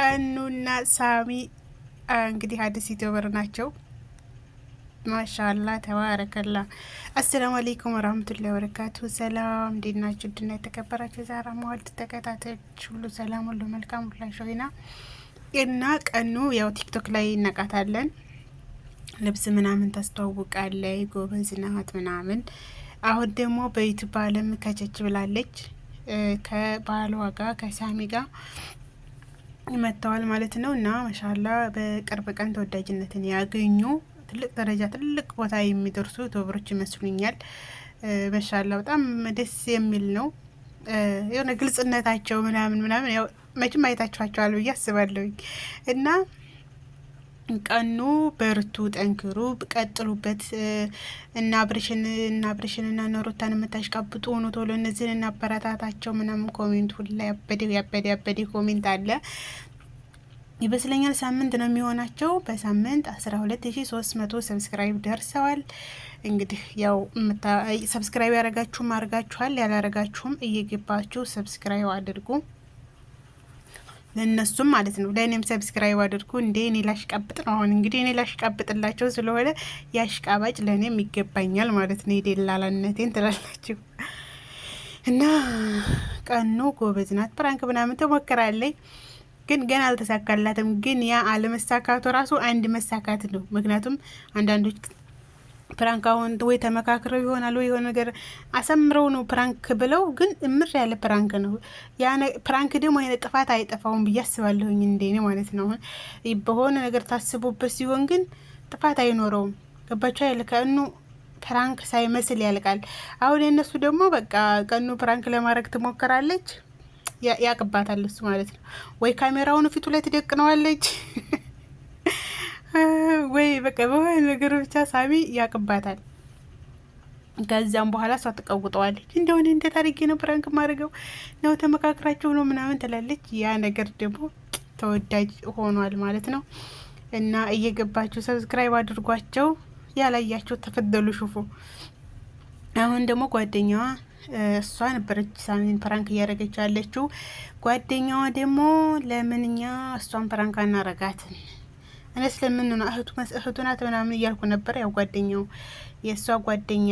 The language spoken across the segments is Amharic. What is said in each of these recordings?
ቀኑና ሳሚ እንግዲህ አዲስ ዩቲዩበር ናቸው። ማሻላ ተባረከላ። አሰላሙ አሌይኩም ወራህመቱላ ወበረካቱ። ሰላም እንዴት ናችሁ? ድና የተከበራችሁ ዛራ መዋል ተከታታዮች ሁሉ ሰላም ሁሉ መልካም ሁላሸሆና እና ቀኑ ያው ቲክቶክ ላይ እናቃታለን። ልብስ ምናምን ታስተዋውቃለች፣ ጎበዝ ናት ምናምን። አሁን ደግሞ በዩቱብ አለም ከቸች ብላለች ከባሏ ጋር ከሳሚ ጋር መጥተዋል ማለት ነው እና ማሻላ በቅርብ ቀን ተወዳጅነትን ያገኙ ትልቅ ደረጃ ትልቅ ቦታ የሚደርሱ ዩቱበሮች ይመስሉኛል። መሻላ በጣም ደስ የሚል ነው። የሆነ ግልጽነታቸው ምናምን ምናምን ያው መቼም አይታችኋቸዋል ብዬ አስባለሁኝ እና ቀኑ በርቱ፣ ጠንክሩ፣ ቀጥሉበት እና ብርሽን እና ብርሽን እና ኖሮታን የምታሽቃብጡ ሆኖ ቶሎ እነዚህን እና አበረታታቸው ምናምን ኮሜንት ሁላ ያበደ ያበደ ያበደ ኮሜንት አለ ይመስለኛል። ሳምንት ነው የሚሆናቸው። በሳምንት አስራ ሁለት ሺ ሶስት መቶ ሰብስክራይብ ደርሰዋል። እንግዲህ ያው ሰብስክራይብ ያረጋችሁም አርጋችኋል፣ ያላረጋችሁም እየገባችሁ ሰብስክራይብ አድርጉ። እነሱም ማለት ነው። ለእኔም ሰብስክራይብ አድርጉ። እንዴ እኔ ላሽቃብጥ ነው አሁን እንግዲህ እኔ ላሽቃብጥላቸው ስለሆነ ያሽቃባጭ ለእኔም ይገባኛል ማለት ነው። የደላላነቴን ትላላችሁ እና ቀኑ ጎበዝ ናት። ፕራንክ ምናምን ትሞክራለች ግን ገና አልተሳካላትም። ግን ያ አለመሳካቱ ራሱ አንድ መሳካት ነው። ምክንያቱም አንዳንዶች ፕራንክ አሁን ወይ ተመካክረው ይሆናል ወይ የሆነ ነገር አሰምረው ነው ፕራንክ ብለው፣ ግን እምር ያለ ፕራንክ ነው። ፕራንክ ደግሞ አይነ ጥፋት አይጠፋውም ብዬ አስባለሁኝ፣ እንደኔ ማለት ነው። አሁን በሆነ ነገር ታስቦበት ሲሆን ግን ጥፋት አይኖረውም። ገባቸው ያለ ከእኑ ፕራንክ ሳይመስል ያልቃል። አሁን የእነሱ ደግሞ በቃ ቀኑ ፕራንክ ለማድረግ ትሞክራለች፣ ያቅባታል እሱ ማለት ነው። ወይ ካሜራውን ፊቱ ላይ ትደቅነዋለች ወይ በቃ በሆነ ነገር ብቻ ሳሚ ያቅባታል። ከዛም በኋላ እሷ ትቀውጠዋለች። እንደሆነ እንዴት አድርጌ ነው ፕራንክ ማድረገው ነው ተመካክራቸው ነው ምናምን ትላለች። ያ ነገር ደግሞ ተወዳጅ ሆኗል ማለት ነው። እና እየገባችሁ ሰብስክራይብ አድርጓቸው። ያላያቸው ተፈደሉ ሹፉ። አሁን ደግሞ ጓደኛዋ እሷ ነበረች ሳሚን ፕራንክ እያደረገች ያለችው። ጓደኛዋ ደግሞ ለምንኛ እሷን ፕራንክ አናረጋትን እኔ ስለምን ነው እህቱ እህቱ ናት ምናምን እያልኩ ነበር። ያው ጓደኛው የእሷ ጓደኛ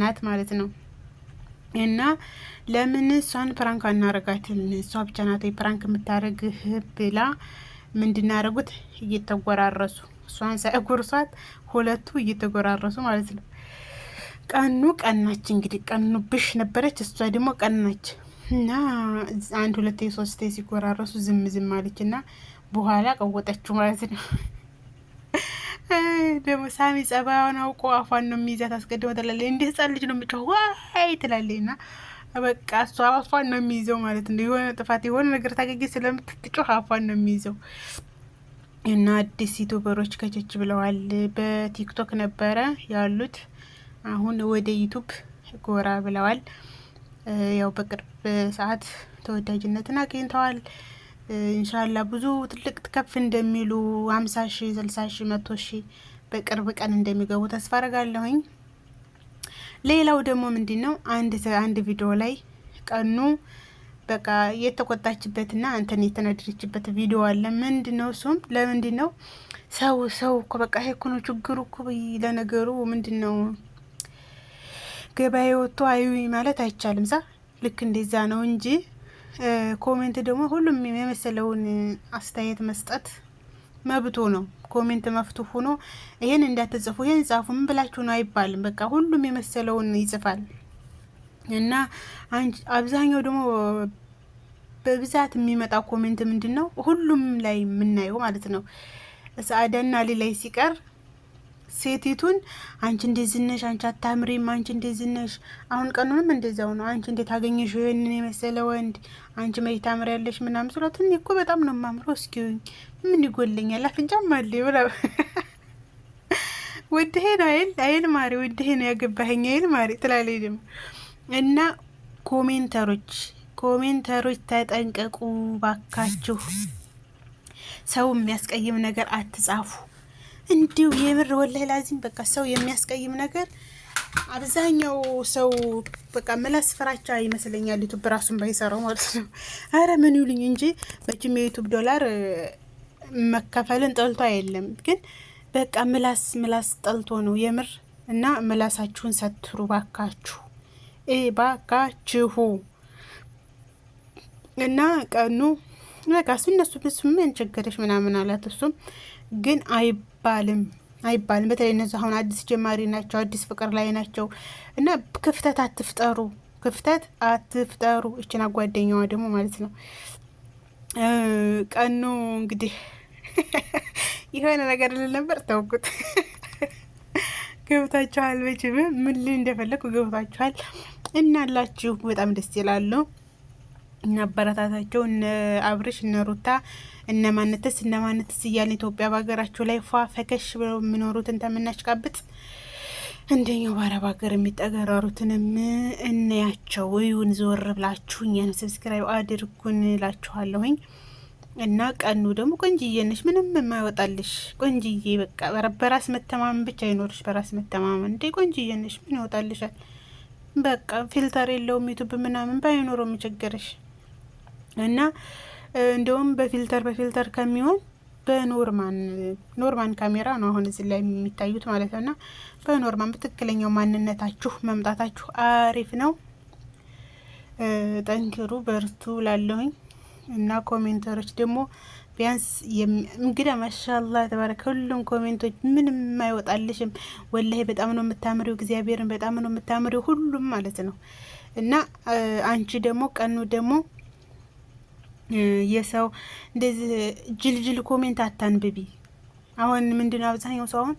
ናት ማለት ነው። እና ለምን እሷን ፕራንክ አናረጋትም? እሷ ብቻ ናት ፕራንክ የምታደርግህ ብላ ምንድናረጉት እየተጎራረሱ እሷን ሳይጎርሷት ሁለቱ እየተጎራረሱ ማለት ነው። ቀኑ ቀናች እንግዲህ ቀኑ ብሽ ነበረች፣ እሷ ደግሞ ቀናች እና አንድ ሁለቴ ሶስቴ ሲጎራረሱ ዝም ዝም አለች እና በኋላ ቀወጠችው ማለት ነው። ደግሞ ሳሚ ጸባዩን አውቆ አፏን ነው የሚይዛት። አስቀድሞ ትላለች እንደ ህፃን ልጅ ነው የምጫው ዋይ ትላለች። እና በቃ እሷ አፏን ነው የሚይዘው ማለት ነው። የሆነ ጥፋት የሆነ ነገር ታገኘ ስለምትጮህ አፏን ነው የሚይዘው። እና አዲስ ዩቱበሮች ከቸች ብለዋል። በቲክቶክ ነበረ ያሉት፣ አሁን ወደ ዩቱብ ጎራ ብለዋል። ያው በቅርብ ሰዓት ተወዳጅነትን አግኝተዋል። እንሻላ ብዙ ትልቅ ከፍ እንደሚሉ ሀምሳ ሺ ስልሳ ሺ መቶ ሺ በቅርብ ቀን እንደሚገቡ ተስፋ አረጋለሁኝ። ሌላው ደግሞ ምንድን ነው አንድ አንድ ቪዲዮ ላይ ቀኑ በቃ የተቆጣችበትና አንተን የተናደደችበት ቪዲዮ አለ። ምንድን ነው እሱም ለምንድን ነው ሰው ሰው እኮ በቃ ይሄ ችግሩ እኮ ለነገሩ ምንድን ነው ገበያ ወጥቶ አዩ ማለት አይቻልም። ዛ ልክ እንደዛ ነው እንጂ ኮሜንት ደግሞ ሁሉም የመሰለውን አስተያየት መስጠት መብቱ ነው። ኮሜንት መፍቱ ሆኖ ይሄን እንዳትጽፉ ይሄን ጻፉ ምን ብላችሁ ነው አይባልም። በቃ ሁሉም የመሰለውን ይጽፋል እና አብዛኛው ደግሞ በብዛት የሚመጣ ኮሜንት ምንድን ነው ሁሉም ላይ የምናየው ማለት ነው ሰአዳና ሌላይ ሲቀር ሴቲቱን አንቺ እንዴት ዝነሽ? አንቺ አታምሪም፣ አንቺ እንዴት ዝነሽ? አሁን ቀኑንም እንደዛው ነው። አንቺ እንዴት አገኘሽ ይህንን የመሰለ ወንድ? አንቺ መች ታምሪያለሽ? ምናምን ስላት እኔ እኮ በጣም ነው የማምረው፣ እስኪውኝ ምን ይጎለኛል? አፍንጫም አለ ብላ ውድህን አይል አይል ማሪ ውድህን ያገባኸኝ አይል ማሪ ትላለች ደግሞ እና ኮሜንተሮች ኮሜንተሮች ተጠንቀቁ ባካችሁ፣ ሰው የሚያስቀይም ነገር አትጻፉ። እንዲሁ የምር ወላሂ ላዚም በቃ ሰው የሚያስቀይም ነገር አብዛኛው ሰው በቃ ምላስ ፍራቻ ይመስለኛል። ዩቱብ ራሱን ባይሰራው ማለት ነው። አረ ምን ይሉኝ እንጂ መቼም የዩቱብ ዶላር መከፈልን ጠልቶ አይደለም፣ ግን በቃ ምላስ ምላስ ጠልቶ ነው የምር እና ምላሳችሁን ሰትሩ ባካችሁ፣ ኤ ባካችሁ እና ቀኑ በቃ እሱ እነሱ ብሱም ምን ችግርሽ ምናምን አላት። እሱም ግን አይ አይባልም አይባልም። በተለይ እነዚህ አሁን አዲስ ጀማሪ ናቸው፣ አዲስ ፍቅር ላይ ናቸው እና ክፍተት አትፍጠሩ፣ ክፍተት አትፍጠሩ። እችና ጓደኛዋ ደግሞ ማለት ነው ቀኑ እንግዲህ የሆነ ነገር ልል ነበር ተውኩት። ገብታችኋል። መቼም ምን ልል እንደፈለግኩ ገብታችኋል። እናላችሁ በጣም ደስ ይላለሁ። እናበረታታቸው እነ አብርሽ እነ ሩታ እነ ማነትስ እነ ማነትስ እያልን ኢትዮጵያ በሀገራቸው ላይ ፏ ፈከሽ ብለው የሚኖሩትን ተምናሽቃብጥ እንደኛው በአረብ ሀገር የሚጠገራሩትንም እናያቸው። እዩን፣ ዞር ብላችሁ እኛን ሰብስክራይብ አድርጉን እላችኋለሁኝ። እና ቀኑ ደግሞ ቆንጅዬ ነሽ፣ ምንም የማይወጣልሽ ቆንጅዬ። በቃ በራስ መተማመን ብቻ ይኖርሽ። በራስ መተማመን እንዴ ቆንጅዬ ነሽ፣ ምን ይወጣልሻል? በቃ ፊልተር የለውም ዩቱብ ምናምን ባይኖረው የምቸገረሽ እና እንደውም በፊልተር በፊልተር ከሚሆን በኖርማን ኖርማን ካሜራ ነው አሁን እዚህ ላይ የሚታዩት ማለት ነው። እና በኖርማን በትክክለኛው ማንነታችሁ መምጣታችሁ አሪፍ ነው። ጠንክሩ፣ በርቱ ላለሁኝ እና ኮሜንተሮች ደግሞ ቢያንስ እንግዳ ማሻላ ተባረከ። ሁሉም ኮሜንቶች ምንም አይወጣልሽም፣ ወላሂ በጣም ነው የምታምሪው፣ እግዚአብሔርን በጣም ነው የምታምሪው፣ ሁሉም ማለት ነው እና አንቺ ደግሞ ቀኑ ደግሞ የሰው እንደዚህ ጅልጅል ኮሜንት አታንብቢ። አሁን ምንድነው አብዛኛው ሰው አሁን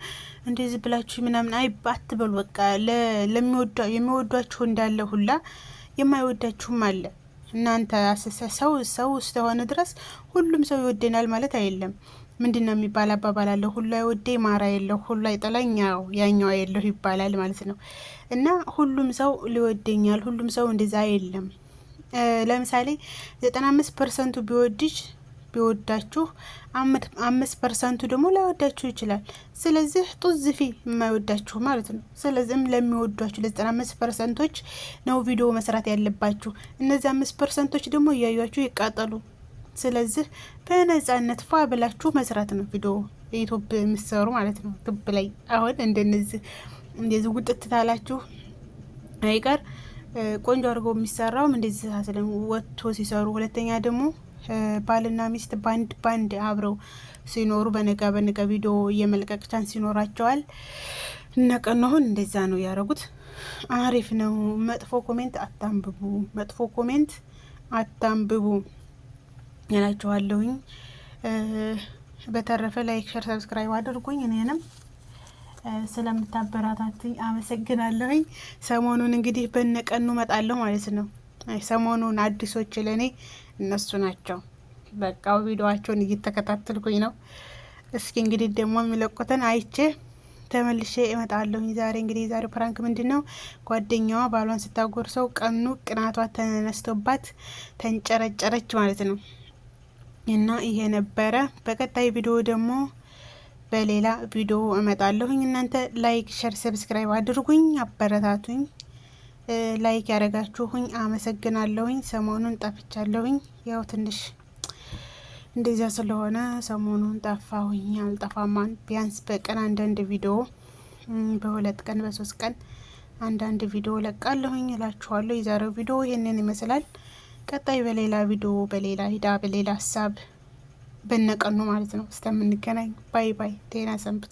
እንደዚህ ብላችሁ ምናምን አይ አትበሉ። በቃ የሚወዷችሁ እንዳለ ሁላ የማይወዳችሁም አለ። እናንተ ሰው ሰው እስከሆነ ድረስ ሁሉም ሰው ይወደናል ማለት አይደለም። ምንድን ነው የሚባል አባባል አለ። ሁሉ አይወዴ ማራ የለሁ ሁሉ አይጠላኝ ያኛው የለሁ ይባላል ማለት ነው። እና ሁሉም ሰው ሊወደኛል፣ ሁሉም ሰው እንደዛ የለም። ለምሳሌ ዘጠና አምስት ፐርሰንቱ ቢወድጅ ቢወዳችሁ አምስት ፐርሰንቱ ደግሞ ላይወዳችሁ ይችላል። ስለዚህ ጡዝፊ የማይወዳችሁ ማለት ነው። ስለዚህም ለሚወዷችሁ ለዘጠና አምስት ፐርሰንቶች ነው ቪዲዮ መስራት ያለባችሁ። እነዚህ አምስት ፐርሰንቶች ደግሞ እያዩችሁ ይቃጠሉ። ስለዚህ በነጻነት ፏ ብላችሁ መስራት ነው ቪዲዮ ዩቱብ የሚሰሩ ማለት ነው። ክብ ላይ አሁን እንደነዚህ እንደዚህ ውጥት ታላችሁ አይቀር ቆንጆ አድርገው የሚሰራውም እንደዚህ ሳስለም ወጥቶ ሲሰሩ፣ ሁለተኛ ደግሞ ባልና ሚስት ባንድ ባንድ አብረው ሲኖሩ በነጋ በነጋ ቪዲዮ የመልቀቅ ቻንስ ይኖራቸዋል። እነቀናሁን እንደዛ ነው ያደረጉት። አሪፍ ነው። መጥፎ ኮሜንት አታንብቡ፣ መጥፎ ኮሜንት አታንብቡ እላችኋለሁኝ። በተረፈ ላይክ፣ ሸር፣ ሰብስክራይብ አድርጉኝ እኔንም ስለምታበራታትኝ አመሰግናለሁኝ። ሰሞኑን እንግዲህ በነቀኑ መጣለሁ ማለት ነው። ሰሞኑን አዲሶች ለእኔ እነሱ ናቸው። በቃ ቪዲዮዋቸውን እየተከታተልኩኝ ነው። እስኪ እንግዲህ ደግሞ የሚለቁትን አይቼ ተመልሼ እመጣለሁ። ዛሬ እንግዲህ የዛሬው ፕራንክ ምንድን ነው? ጓደኛዋ ባሏን ስታጎርሰው ቀኑ ቅናቷ ተነስቶባት ተንጨረጨረች ማለት ነው። እና ይሄ ነበረ። በቀጣይ ቪዲዮ ደግሞ በሌላ ቪዲዮ እመጣለሁኝ። እናንተ ላይክ፣ ሸር፣ ሰብስክራይብ አድርጉኝ፣ አበረታቱኝ። ላይክ ያደረጋችሁኝ አመሰግናለሁኝ። ሰሞኑን ጠፍቻለሁኝ። ያው ትንሽ እንደዚያ ስለሆነ ሰሞኑን ጠፋሁኝ። አልጠፋማን ቢያንስ በቀን አንዳንድ ቪዲዮ በሁለት ቀን በሶስት ቀን አንዳንድ ቪዲዮ ለቃለሁኝ እላችኋለሁ። የዛሬው ቪዲዮ ይህንን ይመስላል። ቀጣይ በሌላ ቪዲዮ በሌላ ሂዳ በሌላ ሀሳብ በነቀኑ ማለት ነው። እስከምንገናኝ ባይ ባይ። ጤና ሰንብቱ።